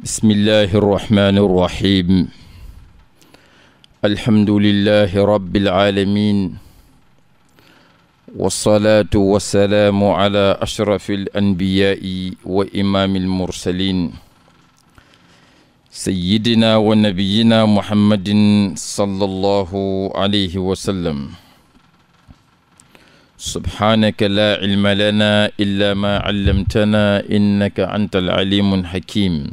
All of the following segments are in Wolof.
bismillahi irrahmani irrahim alhamdulilahi rabiilalamin walsalaatu wassalaamu ala ashrafi alanbiyaai wa imaami almursalin sayidina wa nabiyina muhammadin sallallahu alayhi wa sallam subhaanaka laa cilma lanaa illaa maa callamtanaa innaka anta alcalimu alxakim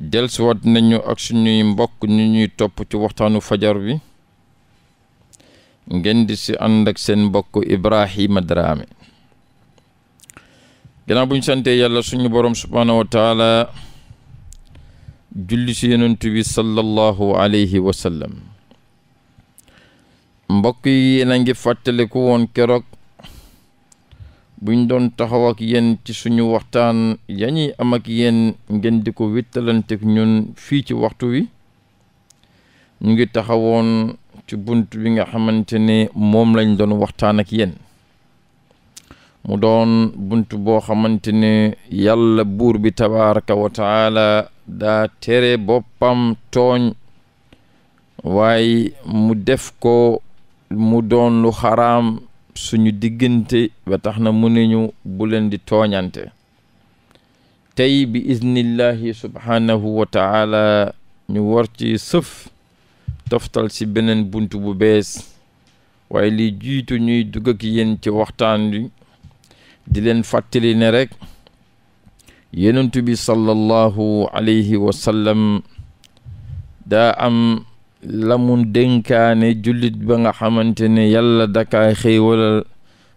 dellusiwaat nañu ak suñuy mbokk ñu ñuy topp ci waxtaanu fajar wi ngeen di si ànd ak seen mbokk Ibrahima Dramé gannaaw bu ñu santee yàlla suñu borom subhaanahu wa julli si yonent bi sallallahu alayhi wa sallam mbokk yi yéen a ngi fàttaliku woon keroog buñ doon taxaw ak yéen ci suñu waxtaan ya amak am ak yéen ngeen di ko wittalantek ñun fii ci waxtu wi ñu ngi taxawoon ci bunt bi nga xamante ne moom lañ doon waxtaanak yen mu doon bunt boo xamante ne yàlla buur bi tabaraka wa daa tere boppam tooñ waaye mu def ko mu doon lu xaram suñu diggante ba tax na mu ne ñu bu di tooñante tey bi iznillahi subhaanahu wa taala ñu war ci sëf toftal si beneen bunt bu bees waaye li jiitu ñuy dugg yen ci waxtaan wi di leen fàttali ne rekk yenentu bi sallallahu alayhi wa sallam daa am lamun dénkaane jullit ba nga xamante ne yàlla dakaa xéewalal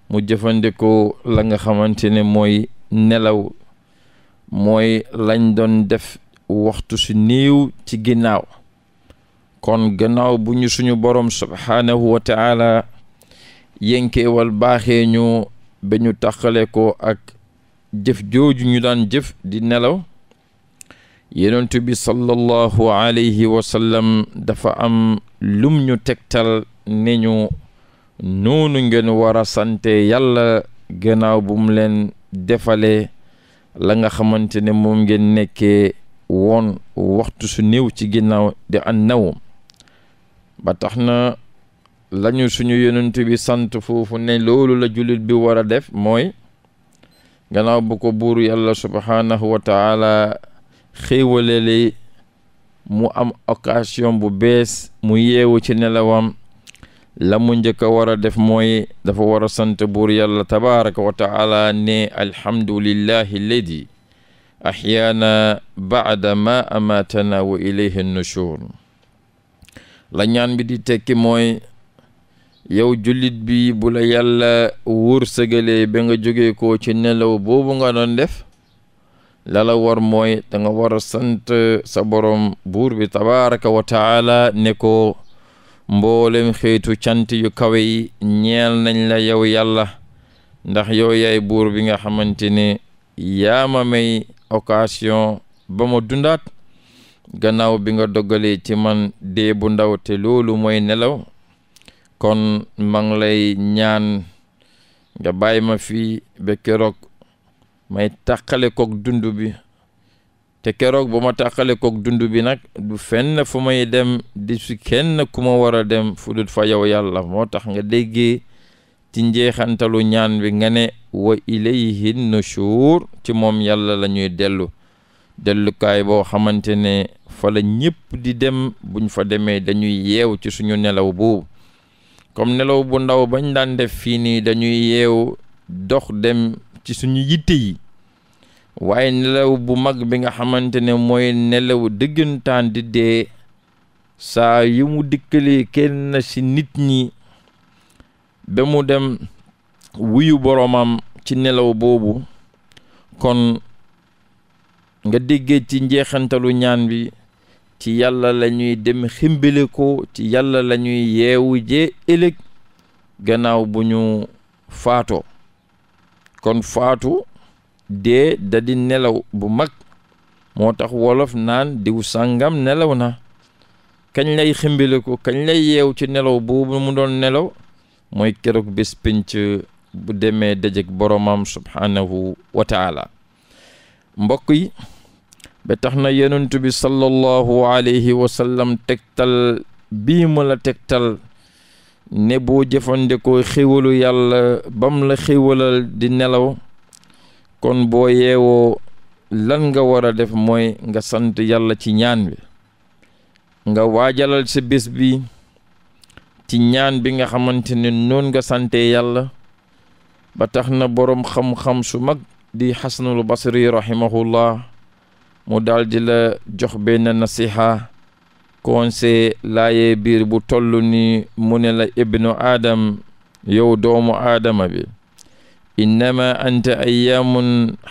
mu jëfandikoo la nga xamante ne mooy nelaw mooy lañ doon def waxtu su néew ci ginnaaw kon gannaaw bu ñu suñu borom subhaanahu wa taala baaxee ñu ba ñu taqale ko ak jëf jooju ñu daan jëf di nelaw yonent bi sallallahu alayhi wa sallam dafa am lum ñu tegtal ne ñu noonu ngeen war a sante yàlla gannaaw bum leen defale la nga xamante ne moom ngeen nekkee woon waxtu su néew ci ginnaaw di an nawum ba tax na lañu suñu yonent bi sant foofu ne loolu la jullit bi war a def mooy gannaaw bu ko buur yàlla subhaanahu wa xéewalale mu am occasion bu bees mu yeewu ci nelawam la mu njëkk a war a def mooy dafa wara a sant buur yàlla tabaraka wa taala ne alhamdulillahi ladi axyaana baada ma amaatana wa ilayhi nushur la bi di tekki mooy yow jullit bi bula la yàlla wërsëgalee ba nga jóge ko ci nelaw boobu nga doon def la war mooy danga war a sant sa borom buur bi tabaraka wa ne ko mboolem xeetu cant yu kawe yi ñeel nañ la yow yàlla ndax yow yay buur bi nga xamante ne yaa may occasion ba ma dundaat gannaaw bi nga dogalee ci man dee bu ndaw te loolu mooy nelaw kon ma lay ñaan nga bàyyi ma fi ba keroog may tàqale kook dund bi te keroog bu ma tàqale kook dund bi nag du fenn fu may dem di si kenn ku ma war a dem fu dul fa yow yàlla moo tax nga déggee ci njeexantalu ñaan bi nga ne wa ilayhi nushur ci moom yàlla la ñuy dellu dellukaay boo xamante ne fa la di dem buñ fa demee dañuy yeew ci suñu nelaw boobu comme nelaw bu ndaw bañ daan def fii nii dañuy yeew dox dem ci suñu yitte yi waaye nelaw bu mag bi nga xamante ne mooy nelaw dëggantaan di dee saa yi mu dikkalee kenn ci nit ñi ba mu dem wuyu boroomam ci nelaw boobu kon nga déggee ci njeexantalu ñaan bi ci yàlla la dem ximbale ci yàlla lañuy ñuy yeewu jee ëllëg gannaaw bu ñu faatoo kon faatu dee da nelaw bu mag moo tax wolof naan diw sàngam nelaw na kañ lay ximbile ko kañ lay yeew ci nelaw boobu mu doon nelaw mooy keroog bés pénc bu demee dajeg boromam subhaanahu wa taala mbokk yi ba tax na yonent bi sallallahu alayhi wa sallam tegtal bii tegtal ne boo jëfandikoo xéwalu yàlla bam la xéwalal di nelaw kon boo yeewoo lan nga war a def mooy nga sant yàlla ci ñaan bi nga waajalal sa bés bi ci ñaan bi nga xamante ne noon nga sante yàlla ba tax na boroom xam-xam su mag di xasanul basri rahimahullah mu daldi la jox benn nasiha conseil laayee biir bu toll ni mu ne la ibnu aadam yow doomu aadama bi innama ay ayyamun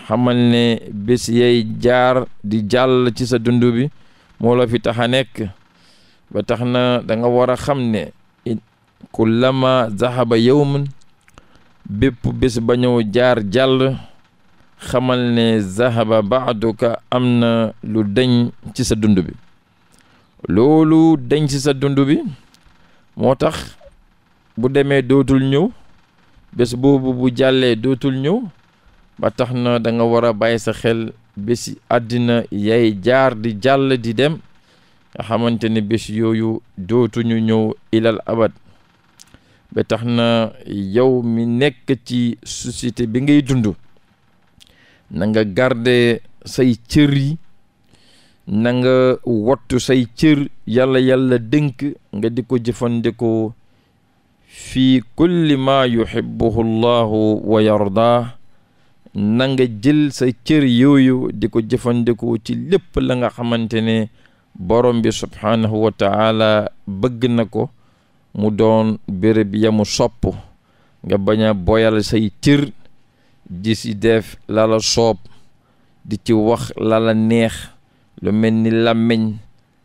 xamal ne bés yay jaar di jàll ci sa dund bi moo fi tax nekk ba tax na danga nga war a xam ne kullama zahaba yawmun bépp bés ba ñëw jaar jàll xamal ne zahaba baaduka am na lu deñ ci sa dund bi loolu dañ ci sa dund bi moo tax bu demee dootul ñëw bés boobu bu jàllee dootul ñëw ba tax na danga war a bàyyi sa xel bési àddina yay jaar di jàll di dem nga xamante ne bés yooyu dootuñu ñëw ilal abad ba tax na yow mi nekk ci société bi ngay dund na nga garder say cër yi na nga say cër yàlla yàlla dénk nga di ko jëfandikoo fii kulli maa yuhibbuhu llahu wa yarda na nga jël sa cër yooyu di ko jëfandikoo ci lépp la nga xamante ne borom bi subhaanahu wa taala bëgg na ko mu doon béréb yamu sopp nga baña a boyal say cër di ci def lala soob di ci wax lala neex lu mel ni làmmiñ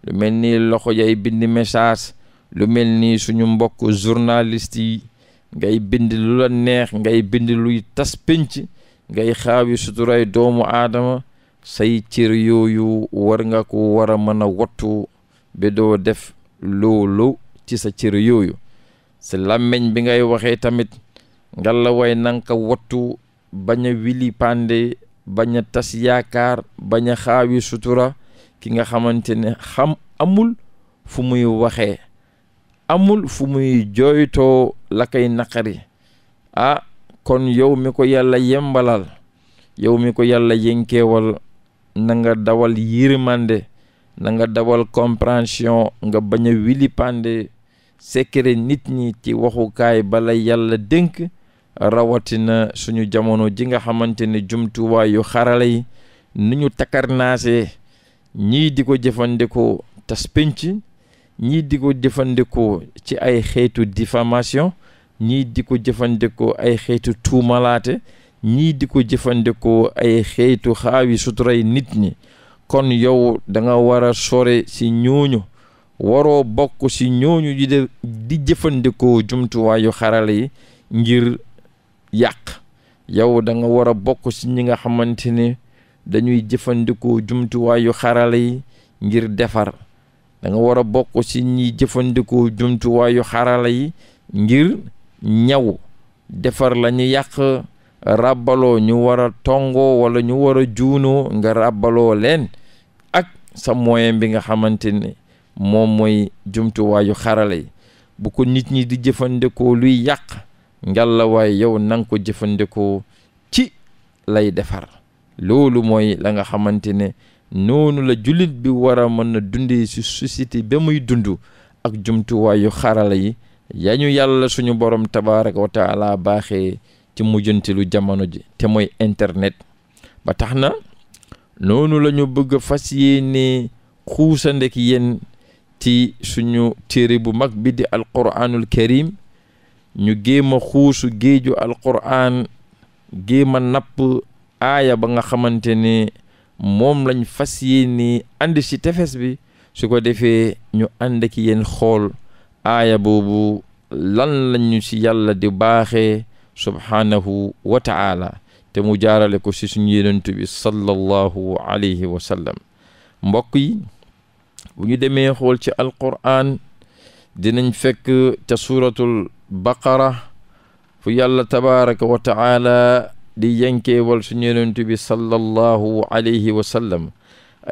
lu mel ni loxo yay bind message lu mel ni suñu mbokk journaliste yi ngay bind lu la neex ngay bind luy tas pénc ngay xaawi suturay doomu aadama say cër yooyu war nga ko war a mën a wattu ba doo def loolu ci sa cër yooyu sa làmmiñ bi ngay waxee tamit nga la way nanka wattu bañ a wili pande bañ a tas yaakaar bañ a xaawi sutura ki nga xamante ne xam amul fu muy waxee amul fu muy jooytoo la koy naqari ah kon yow mi ko yàlla yembalal yow mi ko yàlla yënkeewal na nga dawal yërmande na nga dawal compréhension nga bañ a wili pande sekkere nit ñi ci waxukaay bala yàlla dénk rawatina suñu jamono ji nga xamante ne jumtuwaay yu xarala yi ni ñu takarnaasee ñii di ko jëfandikoo tas ñii di ko jëfandikoo ci ay xeetu diffamation ñii di ko jëfandikoo ay xeetu tuumalaate ñii di ko jëfandikoo ay xeetu xaawi suturay nit ñi kon yow danga nga war a sore si ñooñu waroo bokk si ñooñu di di jëfandikoo jumtuwaayu xarala yi ngir yàq yow danga nga war a bokk si ñi nga xamante ne dañuy jëfandikoo jumtuwaayu xarala yi ngir defar da war a bokk ci ñiy jëfandikoo jumtuwaayu xarala yi ngir ñaw defar lañu yàq ràbbaloo ñu war a tongoo wala ñu war a juunoo nga ràbbaloo leen ak sa moyen bi nga xamante ne moom mooy jumtuwaayu xarala yi bu ko nit ñi di jëfandikoo luy yàq ngalla yow nanga ko jëfandikoo ci lay defar loolu mooy la nga xamante ne noonu la jullit bi war a mën a dundee ci société ba muy dund ak jumtuwaayu xarala yi yañu yàlla suñu borom tabaaraka wa taala baaxee ci mujjantelu jamono ji te mooy internet ba tax na noonu lañu ñu bëgg fas xuusa xuusandek yéen ci suñu téere bu mag bi di alquraanul karim ñu géem xuusu géeju alquraan géem a napp aaya ba nga xamante ne moom lañ fas yi yéene ànd ci tefes bi su ko defee ñu ànd ki xool aaya boobu lan lañu ci yàlla di baaxee subhaanahu wa ta'ala te mu jaarale ko ci suñu yenentu bi sallallahu alayhi wa sallam mbokk yi bu ñu demee xool ci alqur'an dinañ fekk te suuratul baqara fu yàlla tabaraka wa ta'ala di yankeewal suñu yonent bi sallallahu alayhi wa sallam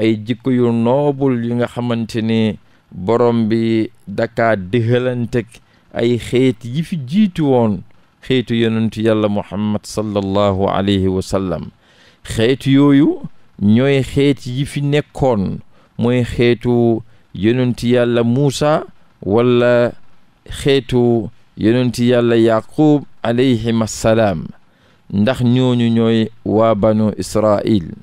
ay jikko yu noobul yi nga xamante ni borom bi dakaa dëxalanteg ay xeet yi fi jiitu woon xeetu yonentu yàlla muhammad sallallahu alayhi wa sallam xeetu yooyu ñooy xeet yifi nekkoon mooy xeetu yonentu yàlla muusa walla xeetu yonentu yàlla yaqub alayhim assalaam ndax ñooñu ñooy waa banu israil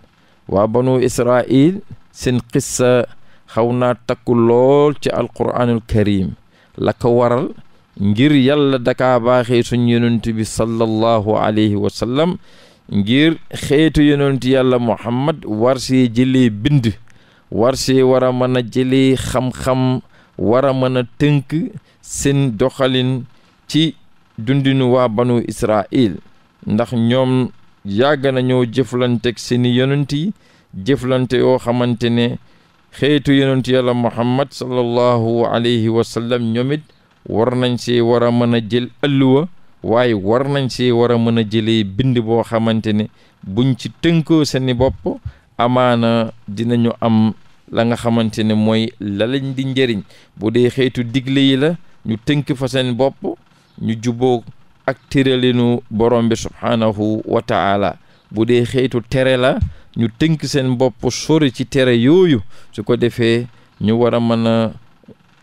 waa banu israil seen xissa xaw naa takku lool ci alquraanul karim la waral ngir yàlla dakaa baaxee suñ yonent bi sallallahu alayhi wa ngir xeetu yonent yàlla muhammad war see jëlee bind war see war a mën a jëlee xam-xam war mën a tënk seen doxalin ci dundinu waa banu israil ndax ñoom yàgg nañoo jëflanteeg seeni yonent yi jëflante yoo xamante ne xeetu yonent yàlla muhammad sallallahu alayhi wa sallam ñoom it war nañ see war a mën a jël ëlluwa waaye war nañ see war a mën a jëlee bind boo xamante ne buñ ci tënkoo seeni bopp amaana dinañu am la nga xamante ne mooy la lañ di njëriñ bu dee xeetu digle yi la ñu tënk fa seen bopp ñu juboo ak tëralinu borom bi subhaanahu wa bu dee xeetu tere la ñu tënk seen bopp sori ci tere yooyu su ko defee ñu war a mën a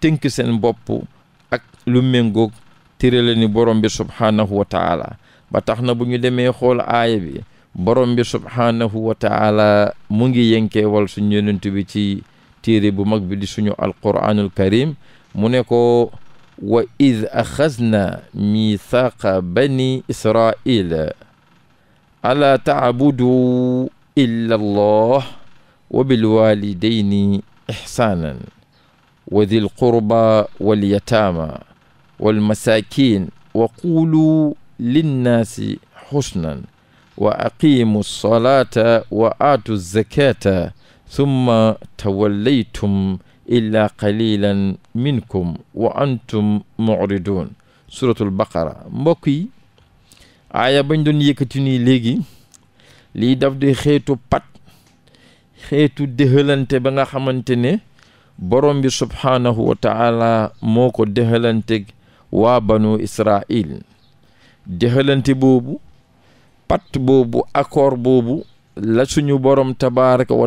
tënk seen bopp ak lu méngoog tëralinu borom bi subhaanahu wa taala ba tax na bu ñu demee xool aaya bi borom bi subhaanahu wa taala mu ngi yenkeewal suñu yonent bi ci téere bu mag bi di suñu alquraanul karim mu ne ko wa id axasna mithaqa bani israil alaa taabudu illa allah wa bilwalidaini ixsaanan wa dil qurba walyataama walmasaakin wa quulu linnaasi xusnan wa aqimu lsolata wa aatu zakata summa tawallaytum illaa qalilan minkum wa antum muridun suratul baqara mbokk yi aaya bañ doon yëkkati ni léegi lii daf di xeetu pat xeetu dëxalante ba nga xamante ne borom bi subhaanahu wa taala moo ko dëxalante waa banu israil dëxalante boobu pat boobu accord boobu la suñu borom tabaraka wa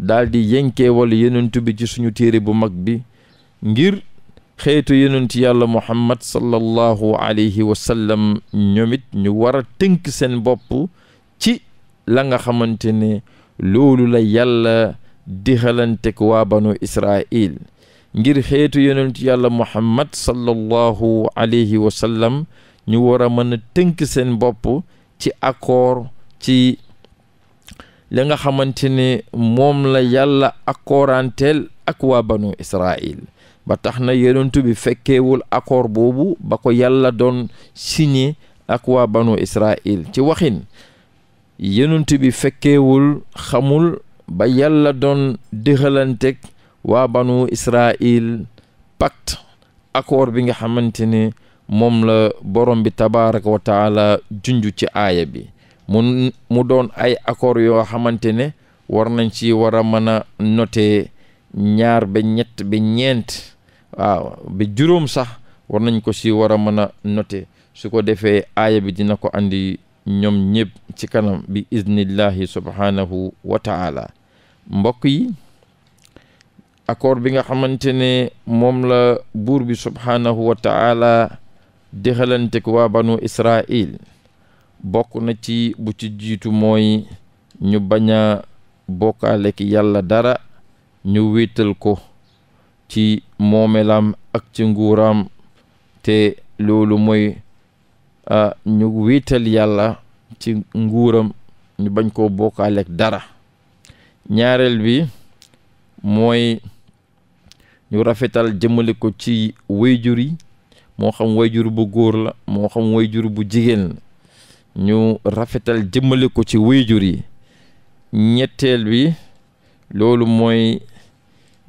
daldi di yenkeewal yonent bi ci suñu téere bu mag bi ngir xeetu yonent yàlla muhammad sallallahu alayhi wa sallam ñoom ñu war a tënk seen bopp ci la nga xamante ne loolu la yàlla di xalanteeg waa banu israil ngir xeetu yonent yàlla muhammad sallallahu alayhi wa sallam ñu war a mën tënk seen bopp ci accord ci li nga xamante ne moom la yàlla akkooranteel ak waa banu Israil ba tax na yonentu bi fekkeewul accord boobu ba ko yàlla doon sini ak waa banu Israil ci waxin yonentu bi fekkewul xamul ba yàlla doon dëxalanteeg waa banu Israil pacte accord bi nga xamante ne moom la borom bi tabaraka wa taala junj ci aaya bi mu mu doon ay accords yoo xamante ne war nañ ci war a mën a noter ñaar ba ñett ba ñeent waaw ba juróom sax war nañ ko si war a mën a noter su ko defee aaya bi dina ko andi ñoom ñëpp ci kanam bi iznillahi subhanahu wa taala mbokk yi accord bi nga xamante ne moom la buur bi subhanahu wa taala dexalante ko waa banu israil bokk na ci bu ci jiitu mooy ñu bañ a yàlla dara ñu wéetal ko ci moomelam ak ci nguuram te loolu mooy ñu wéetal yàlla ci nguuram ñu bañ koo bokkaale dara ñaareel bi mooy ñu rafetal jëmale ko ci wayjur yi moo xam wayjur bu góor la moo xam wayjur bu jigéen la ñu rafetal jëmmale ko ci wayjur yi ñetteel bi loolu mooy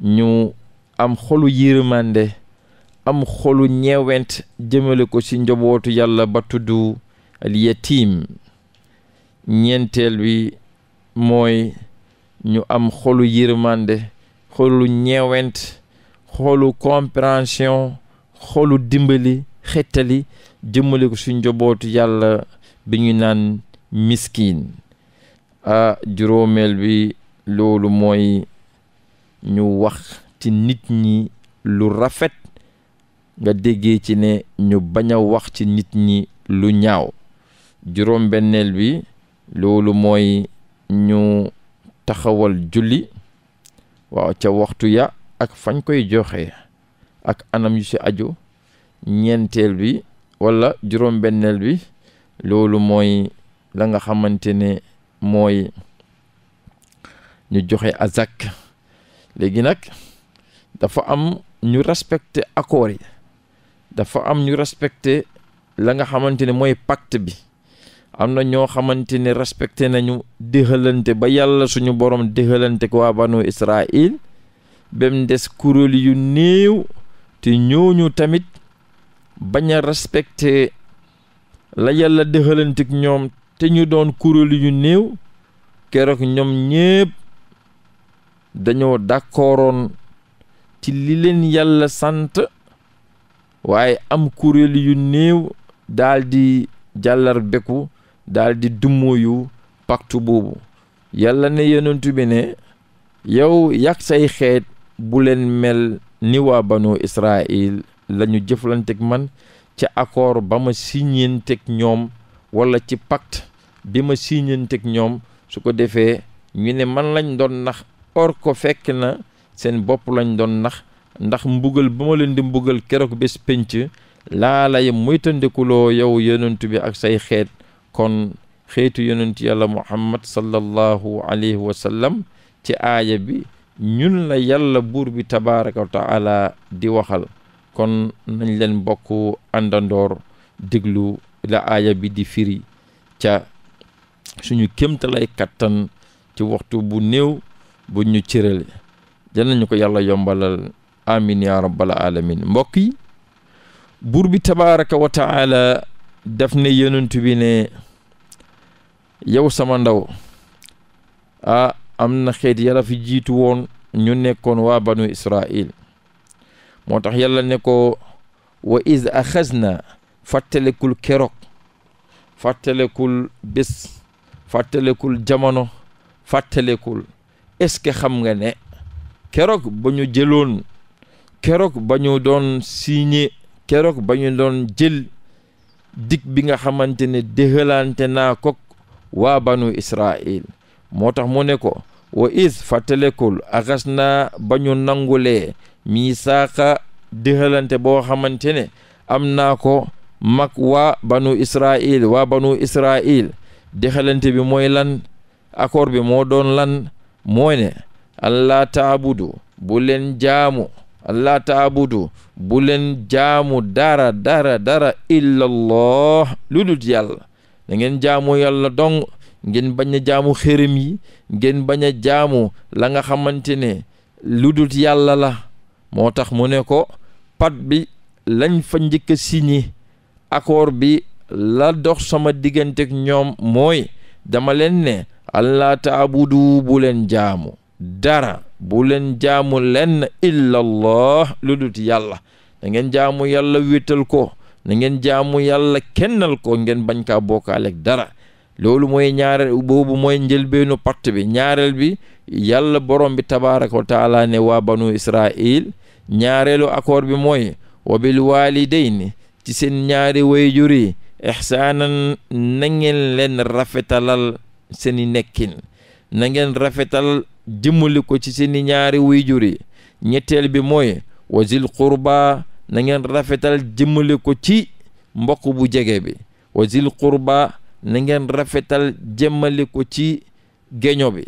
ñu am xolu yërmande am xolu ñeewent jëmale ko ci njobootu yàlla ba tudd al yatim bi mooy ñu am xolu yërmande xolu ñeewent xolu compréhension xolu dimbali xettali jëmale ko ci njobootu yàlla bi ñu naan miskin a juróomeel bi loolu mooy ñu wax ci nit ñi lu rafet nga déggee ci ne ñu bañ a wax ci nit ñi lu ñaaw juróom benneel bi loolu mooy ñu taxawal julli waaw ca waxtu ya ak fañ koy joxe ak anam yu ci aju ñeenteel bi walla juróom benneel bi loolu mooy la nga xamante ne mooy ñu joxe azak léegi nag dafa am ñu respecter accord yi dafa am ñu respecter la nga xamante ne mooy pacte bi am na ñoo xamante ne respecté nañu déxalante ba yàlla suñu borom déxalante ko waa banu Israil bem des kuréel yu néew te ñooñu tamit bañ a la yàlla dëxalantik ñoom te ñu doon kuréel yu néew keroog ñoom ñépp dañoo d'accordoon ci li leen yàlla sant waaye am kuréel yu néew daldi jàllarbeku daldi dummuyu pacte boobu yàlla ne yonentu bi ne yow yàq say xeet bu leen mel ni waa banu Israël lañu jëflanteek man ci accord ba ma signanteeg ñoom wala ci pact bi ma signanteeg ñoom su ko defee ñu ne man lañ doon nax or ko fekk na seen bopp lañ doon nax ndax mbugal ba ma leen di mbugal keroog bés pénc laa lay moytandikuloo yow yonent bi ak say xeet kon xeetu yonent yàlla muhammad sallallahu alayhi wa sallam ci aaja bi ñun la yàlla buur bi tabaraka wa taala di waxal kon nañ leen bokk àndandoor déglu la aaya bi di firi ca suñu kémtalay kattan ci waxtu bu néew bu ñu cërale danañu ko yàlla yombalal amin ya rabbal alamin mbokk yi buur bi tabaraka wa taala daf ne bi ne yow sama ndaw ah am na xeet yàlla fi jiitu woon ñu nekkoon waa banu israil moo tax yàlla ne ko wa is iz axasna fàttalekul keroog fàttalekul bés fàttalekul jamono fàttalekul est-ce que xam nga ne keroog ba ñu jëloon keroog ba ñu doon signé keroog ba ñu doon jël dig bi nga xamante ne déxalante naa ko waa banu israil moo tax mu ne ko wa is fàttalekul axas na ba ñu nangulee misaaqa dëxalante boo xamante ne am naa ko mag waa banu israil waa banu israil dëxalante bi mooy lan accord bi moo doon lan mooy ne allah taabudu bu leen jaamu allah taabudu bu jaamu dara dara dara illallah lu dul yàlla da ngeen jaamu yàlla dong ngeen bañ a jaamu xërëm yi ngeen bañ a jaamu la nga xamante ne lu yàlla la moo tax mu ne ko pat bi lañ fa njëkk si signé accord bi la dox sama diggante ñoom mooy dama leen ne allah taabudu bu leen jaamu dara bu leen jaamu lenn illallah lu dut yàlla na ngeen jaamu yàlla wittal ko na ngeen jaamu yàlla kennal ko ngeen bañ ka kaa bokkaaleeg dara loolu mooy ñaareel boobu mooy njëlbeenu pacte bi ñaareel bi yàlla borom bi tabaraka wa taala ne banu israil ñaareelu accord bi mooy wa bil waalidayni ci seen ñaari wayjur yi ixsaanan na leen rafetalal seeni nekkin na ngeen rafetal dimbali ko ci seeni ñaari wayjur yi ñetteel bi mooy wa zil qurba na ngeen rafetal dimbali ko ci mbokk bu jege bi wa zil qurba na rafetal jëmmale ko ci géño bi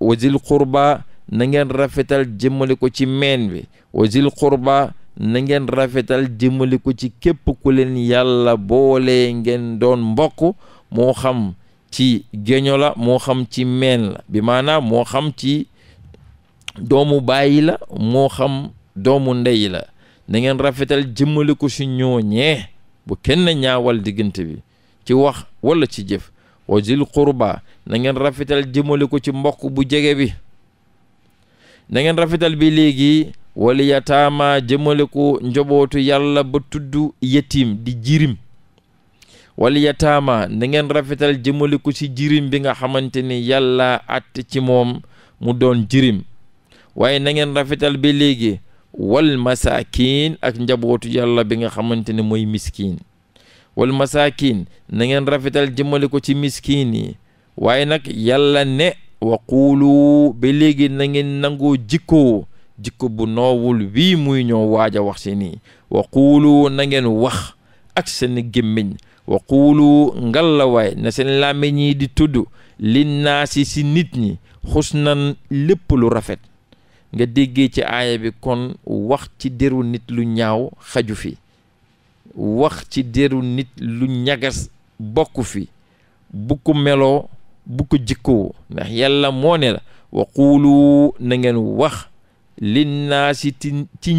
wa zil qurba na ngeen rafetal jëmmale ko ci meen bi wa zil qurba na ngeen rafetal jëmmale ko ci képp ku leen yàlla boole ngeen doon mbokk moo xam ci géño la moo xam ci meen la bi maanaam moo xam ci doomu bàyyi la moo xam doomu ndey la na ngeen rafetal jëmmale ko si ñooñee bu kenn ñaawal diggante bi ci wax walla ci jëf wa zil qurba na ngeen rafetal jëmale ko ci mbokk bu jege bi na ngeen rafetal bi léegi wala yataama jëmale ko njobootu yàlla ba tudd yetim di jirim wala yataama na ngeen rafetal jëmale ko ci jirim bi nga xamante ni yàlla at ci moom mu doon jirim waaye na ngeen rafetal bi léegi wal masaakiin ak njabootu yàlla bi nga xamante ne mooy miskiin wal masaakin na ngeen rafetal jëmale ko ci miskiin yi waaye nag yàlla ne waquulu ba léegi na ngeen nangoo jikkoo jikko bu noowul wii muy ñoo waaj a wax si nii waquulu na ngeen wax ak seen gémmiñ waquulu ngallawaay na seen làmmiñ yi di tudd linnaasi si nit ñi xusnan lépp lu rafet nga déggee ci aaya bi kon wax ci deru nit lu ñaaw xaju fi wax ci deru nit lu ñagas bokk fi bu ko meloo bu ko jikkoo ndax yàlla moo ne la wa wax linnaasi ci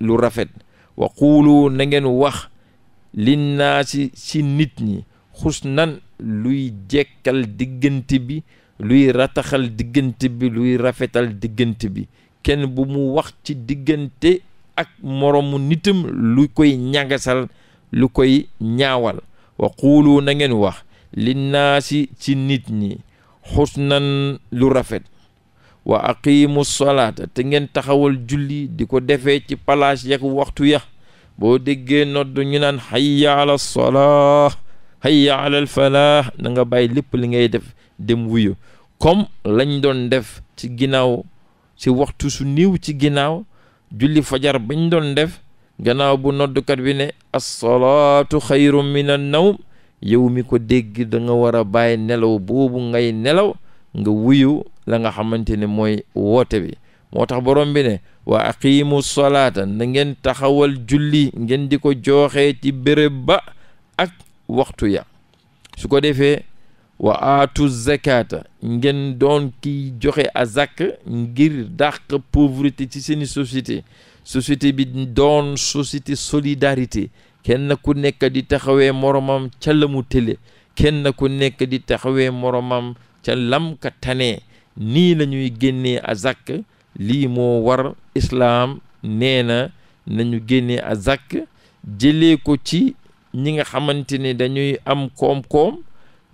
lu rafet wa quulu na ngeen wax linnaasi ci nit ñi xusnan luy jëkkal diggante bi luy rataxal diggante bi luy rafetal diggante bi kenn bu mu wax ci diggante ak moroomu nitam lu koy ñagasal lu koy ñaawal wa quulu na ngeen wax linnaasi ci nit ñi xusnan lu rafet wa aqiimu salaata te ngeen taxawal julli di ko defee ci palaas yak waxtu ya boo déggee nodd ñu naan hayya ala salaah hayya ala falaah na bàyyi lépp li ngay def dem wuyu comme lañ doon def ci ginnaaw ci waxtu su néew ci ginnaaw julli fajar bañ doon def gannaaw bu noddukat wi ne assalaatu xayrum mi na naw yow mi ko dégg danga war a bàyyi nelaw boobu ngay nelaw nga wuyu la nga xamante ne mooy woote bi moo tax borom bi ne wa aqiimu salaata na ngeen taxawal julli ngeen di ko jooxee ci béréb ba ak waxtu ya su ko defee waa aatu zakata ngeen doon kiy joxe azak ngir dàq pauvreté ci seeni société société bi doon société solidarité kenn ku nekk di taxawee moromam ca lamu tële kenn ku nekk di taxawee moromam ca lam ka nii lañuy ñuy génnee azak lii moo war islaam nee na nañu génne azak jëlee ko ci ñi nga xamante ne dañuy am koom-koom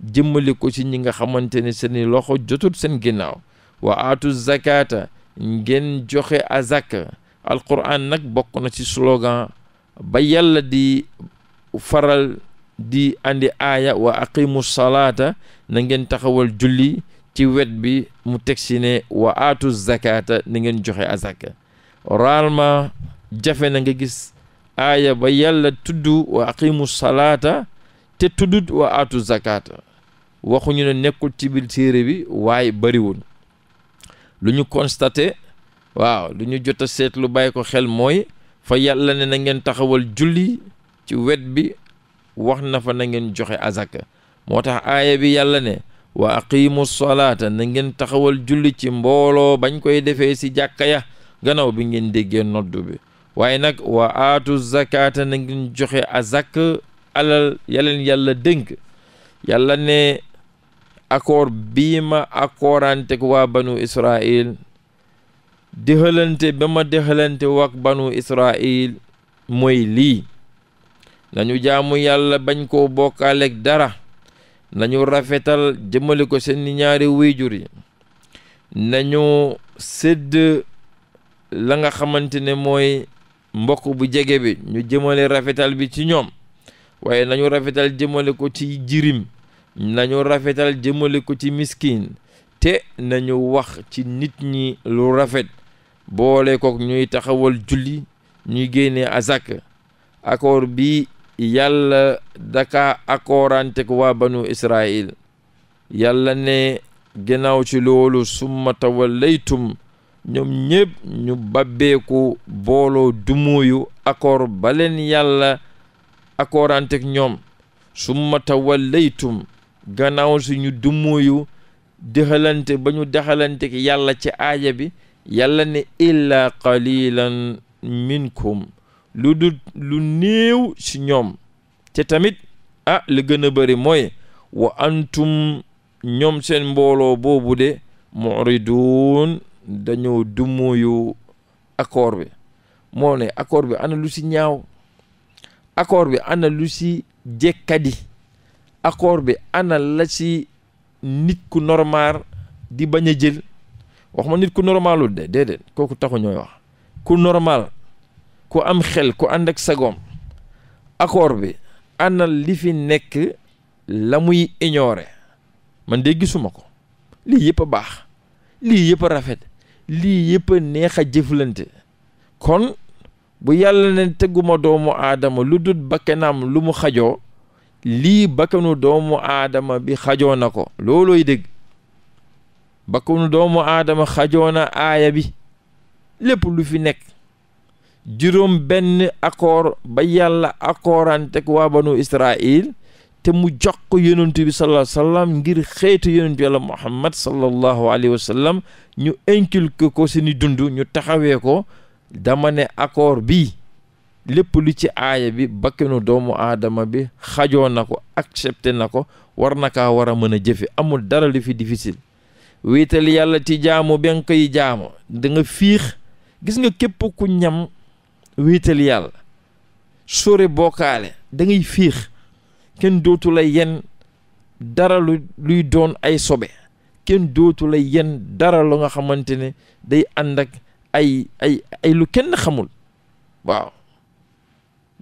jëmmale ko ci ñi nga xamante ne seeni loxo jotul seen ginnaaw wa aatu zakata ngeen joxe azaka alquran nag bokk na ci slogan ba yàlla di faral di indi aaya wa aqimu salaata na ngeen taxawal julli ci wet bi mu teg si ne wa aatu zakata na ngeen joxe azaka rarement jafe na nga gis aaya ba yàlla tudd wa aqimu salaata te tuddut wa aatu zakaata waxuñu ne nekkul ci biir téere bi waaye bariwul lu ñu constaté waaw lu ñu jot a seet lu ko xel mooy fa yàlla ne na ngeen taxawal julli ci wet bi wax na fa na ngeen joxe azaka moo tax aaya bi yàlla ne wa aqimu salaata na ngeen taxawal julli ci mbooloo bañ koy defee ci jàkka ya gannaaw bi ngeen déggee noddu bi waaye nag wa aatu zakaata na ngeen joxe azaka alal yaleen yàlla dénk yàlla ne accord bii ma accordante ko waa banu israil dexalante ba ma dexalante wak banu israil mooy lii nañu jaamu yàlla bañ koo bokkaaleeg dara nañu rafetal jëmale ko seen ñaari wéyjur yi nañu sedd la nga xamante ne mooy mbokk bu jege bi ñu jëmale rafetal bi ci ñoom waaye nañu rafetal jëmale ko ci jirim nañu rafetal jëmale ko ci miskin te nañu wax ci nit ñi lu rafet boole ko ñuy taxawal julli ñuy génne azak accord bi yàlla daka accordante ko waa banu israil yàlla ne ginnaaw ci loolu summa tawallaytum ñoom ñëpp ñu babbeeku booloo dumóoyu accord ba yàlla akorante ñoom summa tawallaytum gannaaw ñu dummuyu dexalante ba ñu dexalante yàlla ci aaya bi yàlla ne illaa qalilan minkum lu du lu néew ci ñoom te tamit a ah, li gën a bëri mooy wa antum ñoom seen mbooloo boobu de muridun dañoo dummuyu accord bi moo ne accord bi ana lu ci ñaaw accord bi ana lu si jekkadi accord bi ana la si nit ku normal di bañ a jël wax ma nit ku normalul de déedéet kooku taxu ñooy wax ku normal ku am xel ku ànd ak sagoom accord bi ana li fi nekk la muy ignorer man de gisuma ko lii yëpp a baax lii yëpp a rafet lii yëpp a neex a jëflante kon bu yàlla ne teguma doomu aadama lu dut bakkanam lu mu xajoo lii bakkanu doomu aadama bi xajoo na ko loolooy dégg bakkanu doomu aadama xajoo na aaya bi lépp lu fi nekk juróom benn accord ba yàlla accorante ak waa banu israil te mu jox ko yonentu bi sallallahu alayhi ngir xeetu yonentu yàlla muhammad sallallahu alayhi wa ñu inculque ko seeni dund ñu taxawee ko dama ne accord bi lépp lu ci aaya bi bakkanu doomu aadama bi xajoo na ko accepté na ko war na kaa war a mën a jëfe amul dara lu fi difficile wéetal yàlla ci jaamu ba nga koy jaamu da fiix gis nga képp ku ñam wéetal yàlla sore bokkaale da fiix kenn dootu la yen dara luy doon ay sobe kenn dootu la yen dara lu nga xamante ne day ànd ak ay ay ay lu kenn xamul waaw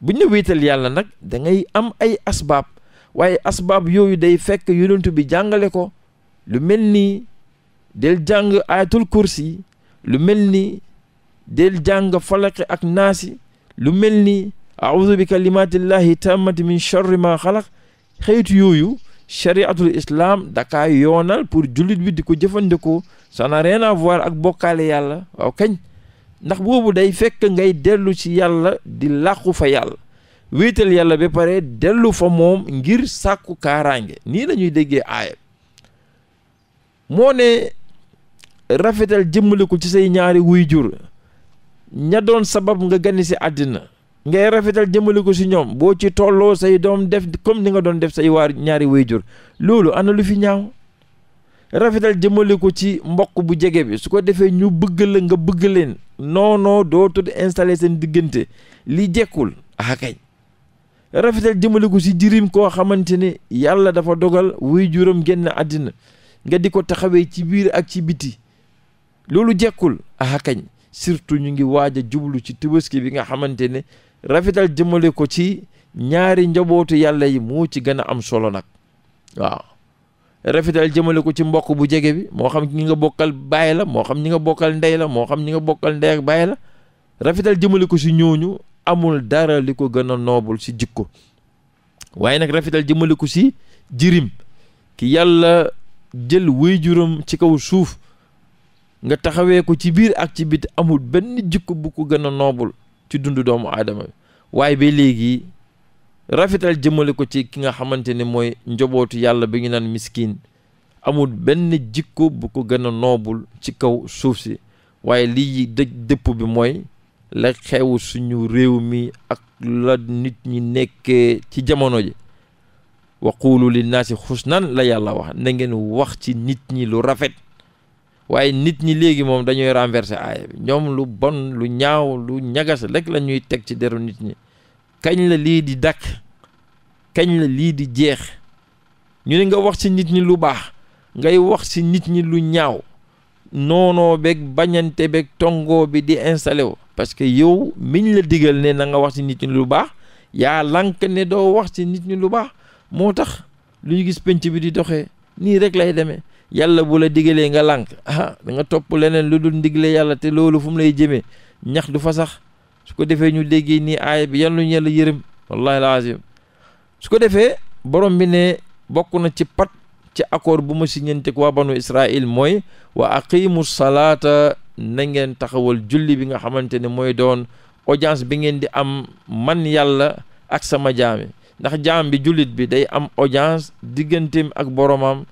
bu ñu wéetal yàlla nag dangay am ay asbaab waaye asbaab yooyu day fekk yonent bi jàngale ko lu mel ni del jàng ayatul kursi lu mel ni del jàng falaqi ak naasi lu mel ni audu bi kalimatillahi tammati min charri ma xalaq xëytu yooyu chariatul islam dakaa yoonal pour jullit bi di ko jëfandikoo ça n'a rien ak bokkaale yàlla waaw kañ ndax boobu day fekk ngay dellu ci yàlla di làqu fa yàlla wéetal yàlla ba pare dellu fa moom ngir sàkku kaaraange nii la ñuy déggee aaya moo ne rafetal jëmmaliku ci say ñaari wuy jur ña doon sabab nga gani si àddina ngay rafetal jëmmaliku si ñoom boo ci tolloo say doom def comme ni nga doon def say waar ñaari wuy jur loolu ana lu fi ñaaw rafetal jëmale ko ci mbokk bu jege bi su ko defee ñu bëgg nga bëgg leen non non doo tudd installé seen diggante li jekkul ah kay rafetal jëmale ko ci jirim koo xamante ne yàlla dafa dogal wuy juróom génn àddina nga di ko taxawee ci biir ak ci biti loolu jekkul ah kañ surtout ñu ngi waaj a jublu ci tabaski bi nga xamante ne rafetal jëmale ko ci ñaari njabootu yàlla yi moo ci gën a am solo nag waaw. rafetal jëmale ko ci mbokk bu jege bi moo xam ñi nga bokkal bàyyi la moo xam ñi nga bokkal ndey la moo xam ñi nga bokkal ndey ak baay la rafetal jëmale ko si ñooñu amul dara li ko gën noobul si jikko waaye nag rafetal jëmale ko si jirim ki yàlla jël waajuram ci kaw suuf nga taxawee ko ci biir ak ci bit amul benn jikko bu ko gën noobul ci dundu doomu aadama bi waaye ba léegi rafetal jëmale ko ci ki nga xamante ne mooy njobootu yàlla bi ngi naan miskin amul benn jikko bu ko gën a noobul ci kaw suuf si waaye lii dëj dëpp bi mooy la xew suñu réew mi ak la nit ñi nekkee ci jamono ji waqulu li naasi xusnan la yàlla wax na ngeen wax ci nit ñi lu rafet waaye nit ñi léegi moom dañuy renverser aaya bi ñoom lu bon lu ñaaw lu ñagas rek la ñuy teg ci deru nit ñi kañ la lii di dakk kañ la lii di jeex ñu ne nga wax ci nit ñi lu baax ngay wax ci nit ñi lu ñaaw noonoo beeg bañante beeg tongoo bi di installé wu parce que yow miñ la digal ne na nga wax ci nit ñi lu baax yaa lank ne doo wax ci nit ñi lu baax moo tax lu ñu gis penc bi di doxee nii rek lay demee yàlla bu la digalee nga lànk ah da nga topp leneen lu dul ndigle yàlla te loolu fu mu lay jëmee ñax du fa sax su ko defee ñu déggee nii aaya bi yal nañu yàlla yërëm wallahi alazim su ko defee borom bi ne bokk na ci pat ci accord bu ma siñanteeg waa banu israil mooy wa aqimu salaata na ngeen taxawal julli bi nga xamante ne mooy doon audience bi ngeen di am man yàlla ak sama jaami ndax jaam bi jullit bi day am audience digganteem ak boromam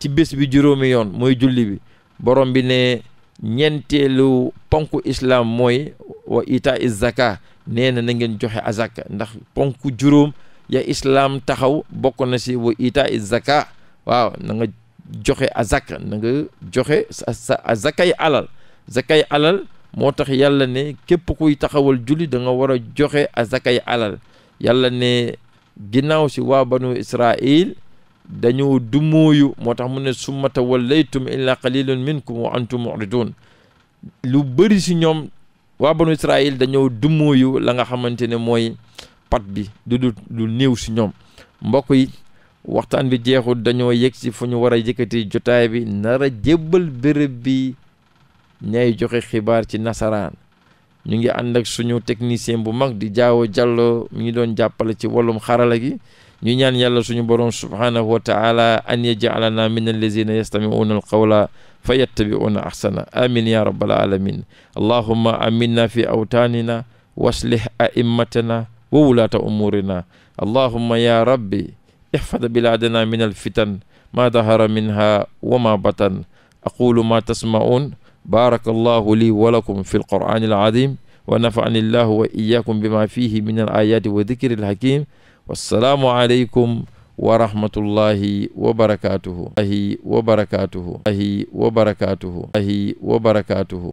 ci bés bi juróomi yoon mooy julli bi borom bi ne ñeenteelu ponk islaam mooy wa ita is zaka nee na na ngeen joxe azaka ndax ponku juróom ya islaam taxaw bokk na si wa ita is zaka waaw nanga joxe azaka na nga joxe sa sa zakay alal zakay alal moo tax yàlla ne képp kuy taxawal julli da nga war a joxe azakay alal yàlla ne ginnaaw si waa banu israil dañoo dumooyu moo tax mu ne summa tawallaytum illa qalilun minkum wa antum muridun lu bëri si ñoom waa banu Israil dañoo dumooyu la nga xamante ne mooy pat bi du du lu néew si ñoom mbokk yi waxtaan bi jeexul dañoo yëg si fu ñu war a yëkkati jotaay bi nar a jébbal béréb bi ñay joxe xibaar ci nasaraan ñu ngi ànd ak suñu technicien bu mag di jaawo jàlloo mi ngi doon jàppale ci wàllum xarala gi ñu ñaan yàlla suñu borom subhaanahu wa taala an yaj'alana min allazina yastami'una alqawla fa yattabi'una ahsana amin ya rabbal alamin allahumma aminna fi awtanina waslih a'immatana wa wulaata umurina allahumma ya rabbi ihfad biladana min alfitan ma dahara minha wa ma batan aqulu ma tasma'un baraka allahu li wa lakum fi alqur'ani alazim wa nafa'ani allahu wa iyyakum bima fihi min alayati wa dhikri alhakim wassalaamu aleykum wa rahmatullahi wa barakaatuhu ahi wa barakaatuhu ahi wa barakaatuhu ahi wa barakaatuhu